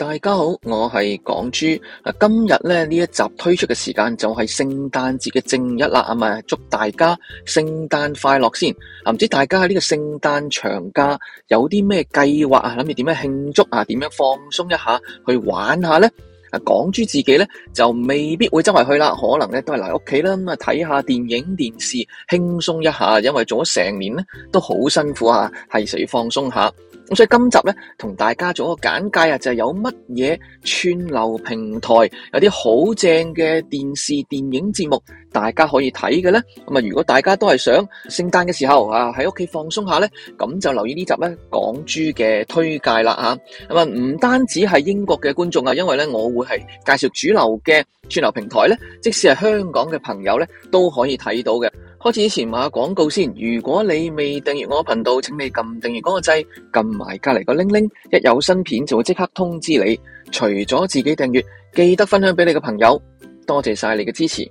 大家好，我係港豬。今日咧呢一集推出嘅時間就係聖誕節嘅正日啦，啊咪祝大家聖誕快樂先。唔知大家喺呢個聖誕長假有啲咩計劃啊？諗住點樣慶祝啊？點樣放鬆一下去玩下咧？啊，港豬自己咧就未必會周圍去啦，可能咧都係嚟屋企啦。咁啊睇下電影、電視，輕鬆一下，因為做咗成年咧都好辛苦啊，係需要放鬆下。咁所以今集咧，同大家做一個簡介啊，就係有乜嘢串流平台，有啲好正嘅電視電影節目，大家可以睇嘅咧。咁啊，如果大家都係想聖誕嘅時候啊，喺屋企放鬆下咧，咁就留意呢集咧，港豬嘅推介啦吓。咁啊，唔單止係英國嘅觀眾啊，因為咧，我會係介紹主流嘅串流平台咧，即使係香港嘅朋友咧，都可以睇到嘅。開始之前，話下廣告先。如果你未訂閱我個頻道，請你撳訂閱嗰個掣，撳埋隔離個鈴鈴，一有新片就會即刻通知你。除咗自己訂閱，記得分享俾你嘅朋友。多謝晒你嘅支持。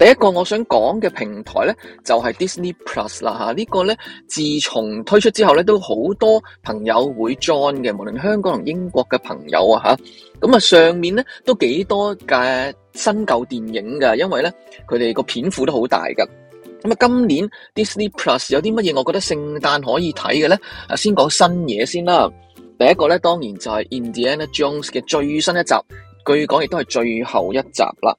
第一個我想講嘅平台咧，就係、是、Disney Plus 啦。吓、這個、呢個咧，自從推出之後咧，都好多朋友會 join 嘅，無論香港同英國嘅朋友啊吓。咁啊，上面咧都幾多嘅新舊電影噶，因為咧佢哋個片庫都好大噶。咁啊，今年 Disney Plus 有啲乜嘢，我覺得聖誕可以睇嘅咧？啊，先講新嘢先啦。第一個咧，當然就係 Indiana Jones 嘅最新一集，據講亦都係最後一集啦。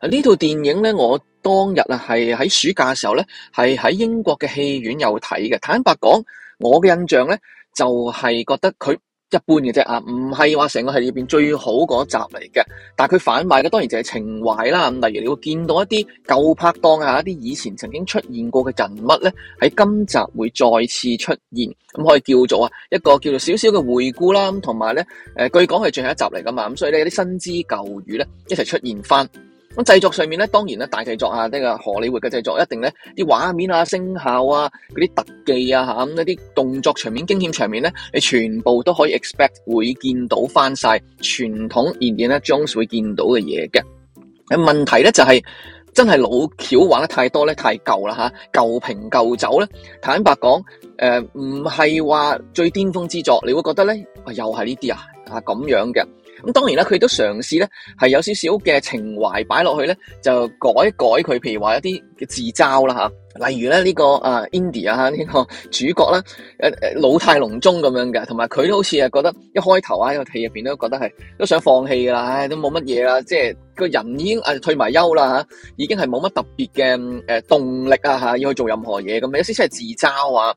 啊，呢套電影咧，我當日啊係喺暑假嘅時候咧，係喺英國嘅戲院有睇嘅。坦白講，我嘅印象咧就係覺得佢一般嘅啫啊，唔係話成個系列入邊最好嗰集嚟嘅，但係佢販賣嘅當然就係情懷啦。例如你會見到一啲舊拍檔啊，一啲以前曾經出現過嘅人物咧，喺今集會再次出現，咁可以叫做啊一個叫做少少嘅回顧啦。咁同埋咧，誒，據講係最後一集嚟㗎嘛，咁所以咧有啲新知舊雨咧一齊出現翻。咁製作上面咧，當然咧大製作啊，呢個荷里活嘅製作一定咧啲畫面啊、聲效啊、嗰啲特技啊嚇，咁呢啲動作場面、驚險場面咧，你全部都可以 expect 會見到翻晒傳統而見咧將會見到嘅嘢嘅。問題咧就係、是、真係老橋玩得太多咧，太舊啦嚇，舊瓶舊酒咧。坦白講，誒唔係話最巔峰之作，你會覺得咧又係呢啲啊啊咁樣嘅。咁當然啦，佢都嘗試咧，係有少少嘅情懷擺落去咧，就改改佢，譬如話一啲嘅自嘲啦吓，例如咧、這、呢個啊 Indy 啊呢個主角啦、啊，老太龍鍾咁樣嘅，同埋佢都好似係覺得一開頭啊，呢個戲入邊都覺得係都想放棄噶啦，唉、哎，都冇乜嘢啦，即係。個人已經退埋休啦，已經係冇乜特別嘅誒動力啊，要去做任何嘢咁，有啲真係自嘲啊！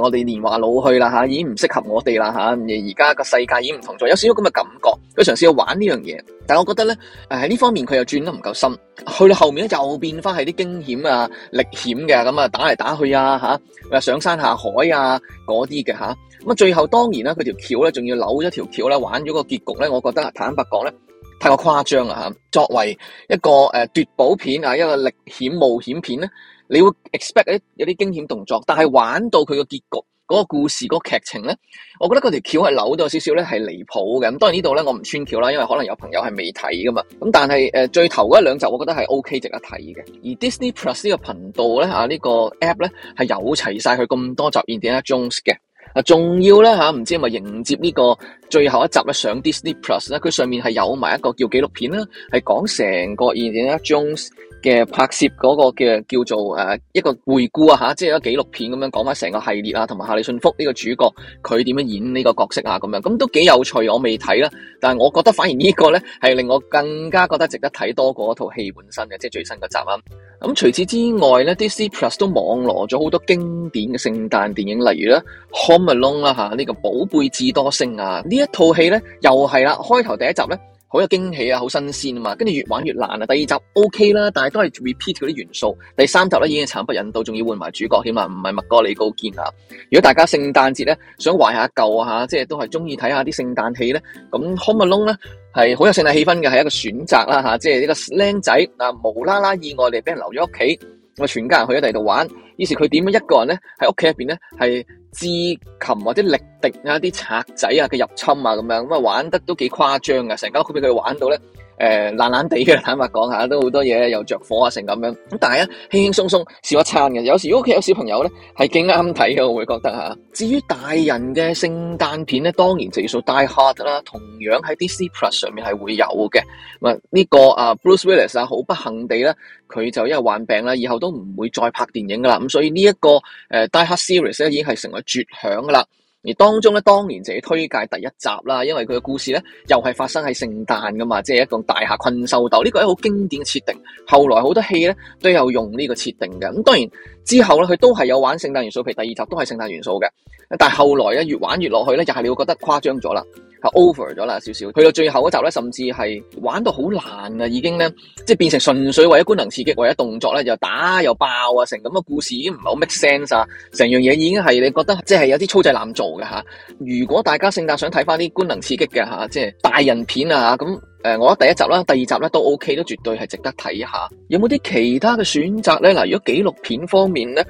我哋年華老去啦，已經唔適合我哋啦嚇，而而家個世界已經唔同咗，有少少咁嘅感覺，佢嘗試去玩呢樣嘢，但係我覺得咧，喺呢方面佢又轉得唔夠深，去到後面咧又變翻係啲驚險啊、歷險嘅咁啊，打嚟打去啊，上山下海啊，嗰啲嘅咁啊，最後當然啦，佢條橋咧仲要扭咗條橋啦，玩咗個結局咧，我覺得坦白講咧。太過誇張啦吓，作為一個誒奪寶片啊，一個歷險冒險片咧，你會 expect 有啲驚險動作，但係玩到佢個結局個故事個劇情咧，我覺得嗰條橋係扭咗少少咧係離譜嘅。咁當然呢度咧我唔穿橋啦，因為可能有朋友係未睇噶嘛。咁但係誒最頭嗰兩集我覺得係 OK 值得睇嘅。而 Disney Plus 呢個頻道咧啊，呢個 app 咧係有齊晒佢咁多集 Indiana Jones 嘅。啊，仲要咧嚇，唔知係咪迎接呢個最後一集呢？上 Disney Plus 咧？佢上面係有埋一個叫紀錄片啦，係講成個 Indiana Jones 嘅拍攝嗰個嘅叫做誒一個回顧啊嚇，即係一個紀錄片咁樣講翻成個系列啊，同埋哈利信福呢個主角佢點樣演呢個角色啊咁樣，咁都幾有趣。我未睇啦，但係我覺得反而呢個咧係令我更加覺得值得睇多過套戲本身嘅，即係最新個集啊。咁除此之外呢 Disney Plus 都網羅咗好多經典嘅聖誕電影，例如啦《Home Alone》啦，呢個寶貝智多星啊，呢一套戲呢，又係啦，開頭第一集呢。好有驚喜啊，好新鮮啊嘛，跟住越玩越難啊！第二集 OK 啦，但係都係 repeat 嗰啲元素。第三集咧已經慘不忍睹，仲要換埋主角，起碼唔係麥哥利高堅啊！如果大家聖誕節咧想懷下舊啊，即係都係中意睇下啲聖誕戲咧，咁《Home Alone》咧係好有聖誕氣氛嘅，係一個選擇啦吓，即係呢個僆仔嗱無啦啦意外地俾人留咗屋企。我全家人去咗第度玩，於是佢點樣一個人咧喺屋企入面咧係智擒或者力敵啊啲賊仔啊嘅入侵啊咁樣，咁啊玩得都幾誇張嘅，成間屋俾佢玩到咧。誒爛爛地嘅，坦白講吓，都好多嘢又着火啊，成咁樣咁，但係啊輕輕鬆鬆笑一餐嘅，有時屋企有小朋友咧係幾啱睇嘅，我會覺得吓。至於大人嘅聖誕片咧，當然就要數 Die Hard 啦，同樣喺 DC Plus 上面係會有嘅。咁啊呢個啊 Bruce Willis 啊，好不幸地咧，佢就因為患病啦，以後都唔會再拍電影噶啦。咁所以呢一個誒 Die Hard series 咧，已經係成為絕響噶啦。而當中咧，當年就要推介第一集啦，因為佢嘅故事咧，又係發生喺聖誕噶嘛，即係一棟大廈困獸鬥，呢個係好經典嘅設定。後來好多戲咧都有用呢個設定嘅。咁當然之後咧，佢都係有玩聖誕元素，譬如第二集都係聖誕元素嘅，但係後來咧越玩越落去咧，就係你會覺得誇張咗啦。係 over 咗啦，少少。去到最後一集咧，甚至係玩到好難啊，已經咧即係變成純粹為咗官能刺激，為咗動作咧又打又爆啊，成咁嘅故事已經唔係好 make sense 啊，成樣嘢已經係你覺得即係有啲粗製濫造嘅嚇。如果大家聖誕想睇翻啲官能刺激嘅，即係大人片啊，咁誒我覺得第一集啦、第二集咧都 OK，都絕對係值得睇一下。有冇啲其他嘅選擇咧？嗱，如果紀錄片方面咧？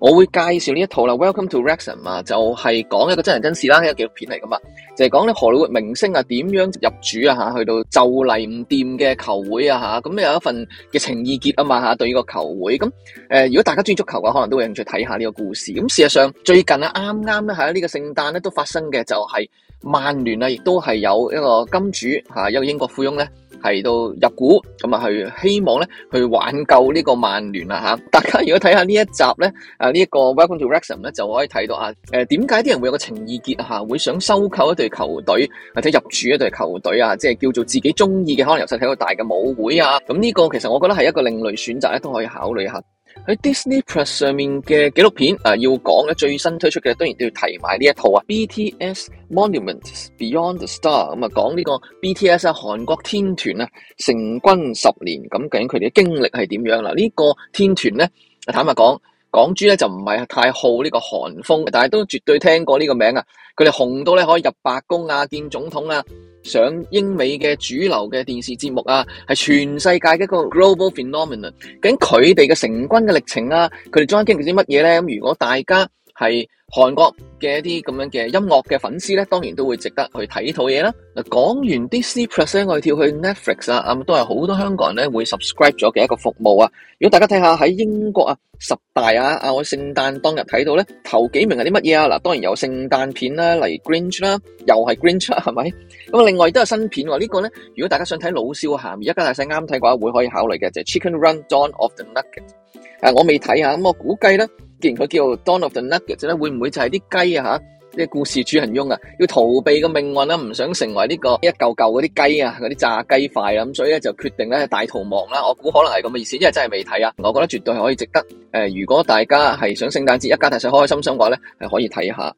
我會介紹呢一套啦，Welcome to Wrexham 啊，就係講一個真人真事啦，一個紀錄片嚟噶嘛，就係、是、講呢荷里活明星啊點樣入主啊吓，去到就嚟唔掂嘅球會啊吓，咁有一份嘅情意結啊嘛吓，對呢個球會咁，誒、呃，如果大家中意足球嘅話，可能都會興趣睇下呢個故事。咁事實上最近啊，啱啱咧喺呢個聖誕咧都發生嘅就係曼聯啊，亦都係有一個金主吓、啊，一個英國富翁咧。係到入股，咁啊，去希望咧去挽救呢個曼聯啦嚇，大家如果睇下呢一集咧，呢、這、一個 Welcome to Wrexham、um, 咧，就可以睇到啊，點解啲人會有個情意結嚇，會想收購一隊球隊或者入主一隊球隊啊，即係叫做自己中意嘅，可能由細睇到大嘅舞會啊，咁、這、呢個其實我覺得係一個另類選擇咧，都可以考慮下。喺 Disney Plus 上面嘅紀錄片啊，要講嘅最新推出嘅，當然都要提埋呢一套啊。BTS Monuments Beyond the Star 咁啊，講呢個 BTS 啊，韓國天團啊，成軍十年咁，究竟佢哋嘅經歷係點樣嗱？呢、呢個天團咧，坦白講，港豬咧就唔係太好呢個韓風，但係都絕對聽過呢個名啊。佢哋紅到咧可以入白宮啊，見總統啊。上英美嘅主流嘅電視節目啊，係全世界的一個 global phenomenon。咁究竟佢哋嘅成軍嘅歷程啊，佢哋中間經歷啲乜嘢咧？咁如果大家，係韓國嘅一啲咁樣嘅音樂嘅粉絲咧，當然都會值得去睇呢套嘢啦。嗱，講完 d c Plus，我跳去 Netflix 啊，咁都係好多香港人咧會 subscribe 咗嘅一個服務啊。如果大家睇下喺英國啊十大啊啊，我聖誕當日睇到咧，頭幾名係啲乜嘢啊？嗱，當然有聖誕片啦，嚟 Grinch 啦，又係 Grinch 啦，係咪？咁另外都有新片喎。這個、呢個咧，如果大家想睇老少咸宜一家大細啱睇嘅話，會可以考慮嘅就係、是、Chicken Run: Dawn of the Nugget。我未睇下，咁我估計咧。既然佢叫 Dawn of the Nugget 即係咧，會唔會就係啲雞啊吓，即、這個、故事主人翁啊，要逃避個命運啊，唔想成為呢、這個一嚿嚿嗰啲雞啊，嗰啲炸雞塊咁，所以咧就決定咧大逃亡啦。我估可能係咁嘅意思，因為真係未睇啊。我覺得絕對係可以值得。誒、呃，如果大家係想聖誕節一家大細開開心心嘅話咧，係、啊、可以睇下。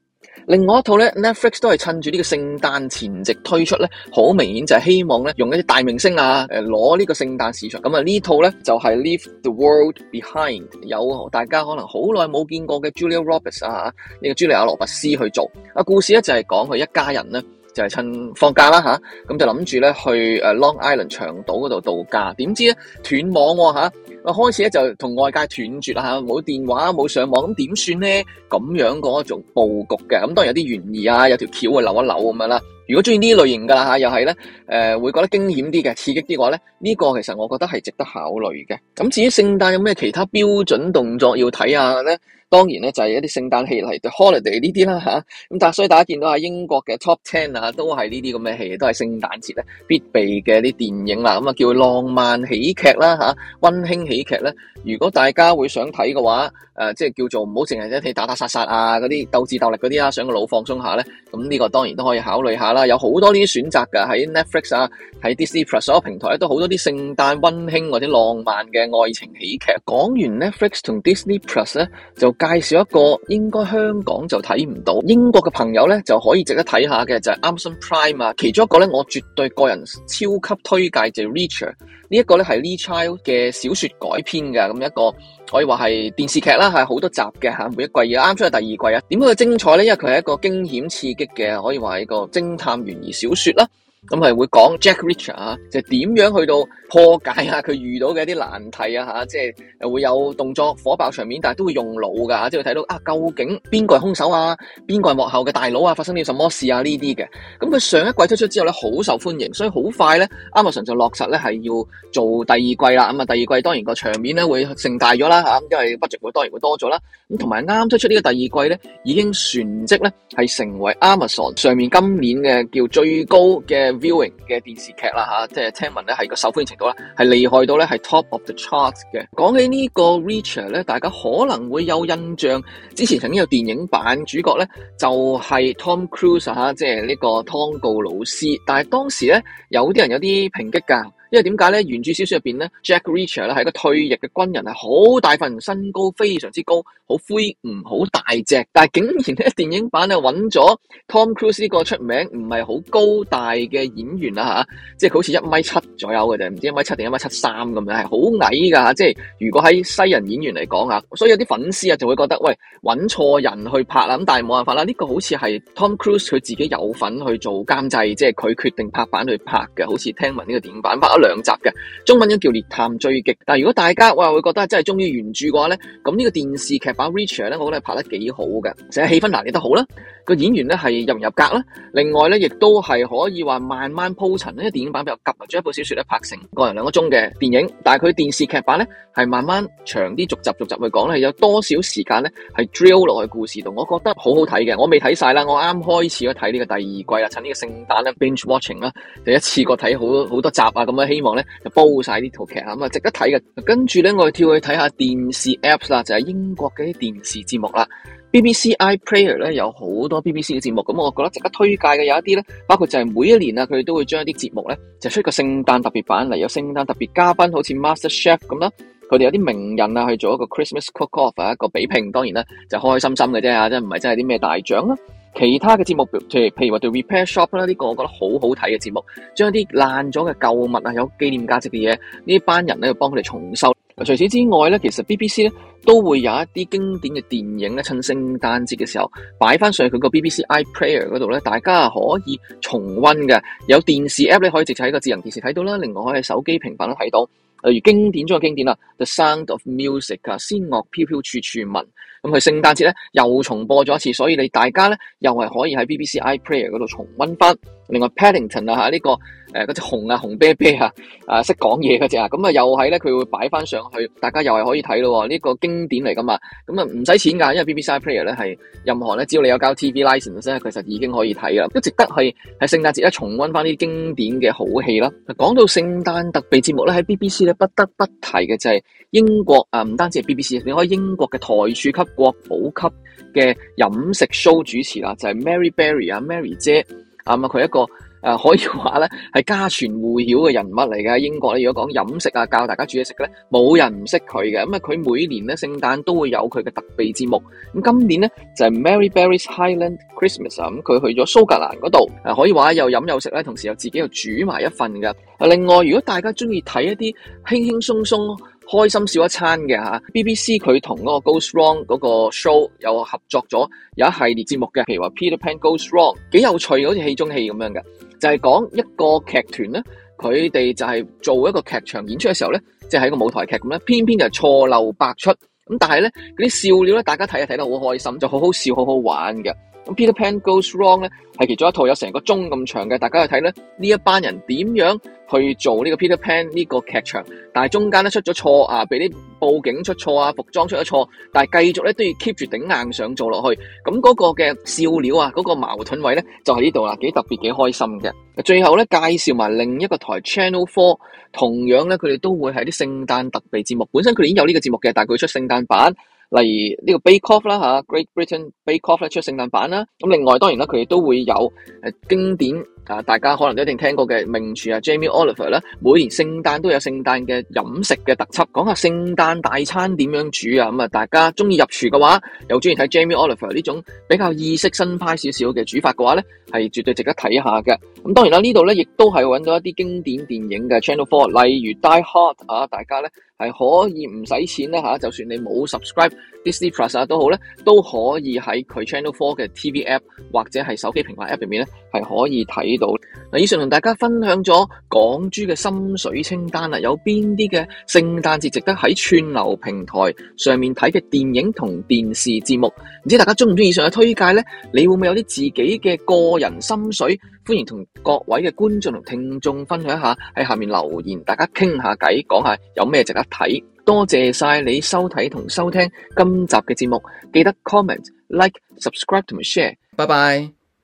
另外一套咧，Netflix 都係趁住呢個聖誕前夕推出咧，好明顯就係希望咧用一啲大明星啊，誒，攞呢個聖誕市場。咁啊、就是，呢套咧就係 Leave the World Behind，有大家可能好耐冇見過嘅 Julia Roberts 啊，呢個 Julia 阿羅拔斯去做。啊，故事咧就係講佢一家人咧。就係趁放假啦吓，咁就諗住咧去 Long Island 長島嗰度度假，點知咧斷網喎吓，我開始咧就同外界斷絕啦嚇，冇電話冇上網，咁點算咧？咁樣嗰種佈局嘅，咁當然有啲懸疑啊，有條橋會扭一扭咁樣啦。如果中意呢類型噶啦吓，又係咧誒會覺得驚險啲嘅刺激啲嘅話咧，呢個其實我覺得係值得考慮嘅。咁至於聖誕有咩其他標準動作要睇下咧？當然咧，就係一啲聖誕戲嚟，The Holiday 呢啲啦吓，咁但係所以大家見到啊，英國嘅 Top Ten 啊，都係呢啲咁嘅戲，都係聖誕節咧必備嘅啲電影啦。咁啊叫浪漫喜劇啦嚇，溫馨喜劇咧。如果大家會想睇嘅話，誒即係叫做唔好淨係一齊打打殺殺啊，嗰啲鬥智鬥力嗰啲啊，想個腦放鬆下咧，咁呢個當然都可以考慮下啦。有好多呢啲選擇㗎，喺 Netflix 啊，喺 Disney Plus 所有平台都好多啲聖誕溫馨或者浪漫嘅愛情喜劇。講完 Netflix 同 Disney Plus 咧，就。介紹一個應該香港就睇唔到，英國嘅朋友咧就可以值得睇下嘅就係、是、Amazon Prime 啊。其中一個咧，我絕對個人超級推介就是 Reacher，《Reacher》呢一個咧係 Lee Child 嘅小説改編嘅，咁一個可以話係電視劇啦，係好多集嘅嚇，每一季嘅。啱出係第二季啊。點解佢精彩咧？因為佢係一個驚險刺激嘅，可以話係一個偵探懸疑小説啦。咁係會講 Jack Richard 啊，就點樣去到破解下佢遇到嘅一啲難題啊吓，即係會有動作火爆場面，但係都會用腦噶，即係會睇到啊究竟邊個係兇手啊，邊個係幕後嘅大佬啊，發生啲什麼事啊呢啲嘅。咁佢上一季推出之後咧，好受歡迎，所以好快咧，Amazon 就落實咧係要做第二季啦。咁啊，第二季當然個場面咧會盛大咗啦吓，因為 budget 會當然會多咗啦。咁同埋啱啱推出呢個第二季咧，已經迅即咧係成為 Amazon 上面今年嘅叫最高嘅。viewing 嘅電視劇啦嚇，即係聽聞咧係個受歡迎程度啦，係厲害到咧係 top of the charts 嘅。講起呢個 Richard 咧，大家可能會有印象，之前曾經有電影版主角咧就係 Tom Cruise 嚇，即係呢個湯告老師，但係當時咧有啲人有啲抨擊㗎。因為點解咧？原著小說入邊咧，Jack Reacher 咧係一個退役嘅軍人，係好大份，身高非常之高，好魁梧，好大隻。但係竟然呢電影版咧揾咗 Tom Cruise 呢個出名唔係好高大嘅演員啦吓、啊，即係佢好似一米七左右嘅啫，唔知一米七定一米七三咁樣，係好矮噶、啊、即係如果喺西人演員嚟講啊，所以有啲粉絲啊就會覺得喂，揾錯人去拍啦。咁但係冇辦法啦、呢、這個好似係 Tom Cruise 佢自己有份去做監製，即係佢決定拍板去拍嘅。好似聽聞呢個電影版拍。兩集嘅中文嘅叫《烈探追擊》極，但係如果大家我又會覺得真係鍾意原著嘅話咧，咁呢個電視劇版《Reacher》咧，我覺得拍得幾好嘅，成日氣氛拿捏得好啦，個演員咧係入唔入格啦，另外咧亦都係可以話慢慢鋪陳，因為電影版比較急，將一部小說咧拍成個人兩個鐘嘅電影，但係佢電視劇版咧係慢慢長啲，逐集逐集去講咧，有多少時間咧係 drill 落去故事度，我覺得很好好睇嘅，我未睇晒啦，我啱開始咗睇呢個第二季啦，趁呢個聖誕咧，binge watching 啦，第一次過睇好好多集啊咁樣。希望咧就煲晒呢套劇吓，咁、嗯、啊值得睇嘅。跟住咧，我哋跳去睇下電視 apps 啦，就係、是、英國嘅啲電視節目啦。BBC iPlayer 咧有好多 BBC 嘅節目，咁我覺得值得推介嘅有一啲咧，包括就係每一年啊，佢哋都會將一啲節目咧就出一個聖誕特別版來，嚟有聖誕特別嘉賓，好似 Master Chef 咁啦，佢哋有啲名人啊去做一個 Christmas Cook Off 啊一個比拼，當然啦就開開心心嘅啫啊，即係唔係真係啲咩大獎啦。其他嘅節目，譬如話對 Repair Shop 啦，呢個我覺得好好睇嘅節目，將啲爛咗嘅舊物啊，有紀念價值嘅嘢，呢班人咧幫幫佢哋重修。除此之外咧，其實 BBC 咧都會有一啲經典嘅電影咧，趁聖誕節嘅時候擺翻上去佢個 BBC iPlayer 嗰度咧，大家可以重温嘅。有電視 app 咧可以直接喺個智能電視睇到啦，另外可以喺手機、平板都睇到。例如經典中嘅經典啦，《The Sound of Music》啊，仙樂飄飄處處聞。咁佢聖誕節咧又重播咗一次，所以你大家咧又係可以喺 BBC iPlayer 嗰度重溫翻。另外 Paddington 啊呢個誒嗰隻熊啊，熊、這個呃啊、啤啤啊，啊識講嘢嗰隻啊，咁啊又係咧佢會擺翻上去，大家又係可以睇咯。呢、這個經典嚟噶嘛，咁啊唔使錢㗎，因為 BBC iPlayer 咧係任何咧，只要你有交 TV licence 咧，其實已經可以睇啦。都值得去喺聖誕節咧重溫翻啲經典嘅好戲啦。講到聖誕特別節目咧，喺 BBC 咧不得不提嘅就係英國啊，唔單止係 BBC，你可以英國嘅台柱級。國寶級嘅飲食 show 主持啦，就係 Mary Berry 啊，Mary 姐啊，啊佢一個誒可以話咧係家傳戶曉嘅人物嚟嘅。英國如果講飲食啊，教大家煮嘢食嘅咧，冇人唔識佢嘅。咁啊佢每年咧聖誕都會有佢嘅特備節目。咁今年咧就係 Mary Berry’s Highland Christmas 啊，咁佢去咗蘇格蘭嗰度，啊可以話又飲又食咧，同時又自己又煮埋一份嘅。另外，如果大家中意睇一啲輕輕鬆鬆。開心笑一餐嘅吓，BBC 佢同嗰個《Goes Wrong》嗰個 show 又合作咗有一系列節目嘅，譬如話《Peter Pan Goes Wrong》，幾有趣，好似戲中戲咁樣嘅，就係講一個劇團咧，佢哋就係做一個劇場演出嘅時候咧，即係喺個舞台劇咁咧，偏偏就錯漏百出，咁但係咧嗰啲笑料咧，大家睇一睇得好開心，就好好笑，好好玩嘅。Peter Pan Goes Wrong 咧，係其中一套有成個鐘咁長嘅，大家去睇咧呢一班人點樣去做呢個 Peter Pan 呢個劇場，但係中間咧出咗錯啊，俾啲佈景出錯啊，服裝出咗錯，但係繼續咧都要 keep 住頂硬上做落去。咁嗰個嘅笑料啊，嗰個矛盾位咧就喺呢度啦，幾特別幾開心嘅。最後咧介紹埋另一個台 Channel Four，同樣咧佢哋都會喺啲聖誕特備節目，本身佢哋已經有呢個節目嘅，但係佢出聖誕版。例如呢個 Bake Off 啦嚇，Great Britain Bake Off 咧出聖誕版啦，咁另外當然咧佢亦都會有誒經典。啊！大家可能都一定聽過嘅名廚啊，Jamie Oliver 咧，每年聖誕都有聖誕嘅飲食嘅特輯，講下聖誕大餐點樣煮啊！咁啊，大家中意入廚嘅話，又中意睇 Jamie Oliver 呢種比較意式新派少少嘅煮法嘅話咧，係絕對值得睇下嘅。咁當然啦，呢度咧亦都係揾到一啲經典電影嘅 Channel 4，例如《Die Hard》啊，大家咧係可以唔使錢啦嚇，就算你冇 subscribe Disney Plus 啊都好咧，都可以喺佢 Channel 4嘅 TV app 或者係手機平板 app 入面咧係可以睇。呢度嗱，以上同大家分享咗港豬嘅心水清單啦，有邊啲嘅聖誕節值得喺串流平台上面睇嘅電影同電視節目？唔知大家鍾唔鍾意以上嘅推介咧？你會唔會有啲自己嘅個人心水？歡迎同各位嘅觀眾同聽眾分享一下喺下面留言，大家傾下偈，講下有咩值得睇。多謝晒你收睇同收聽今集嘅節目，記得 comment、like、subscribe 同 share。拜拜。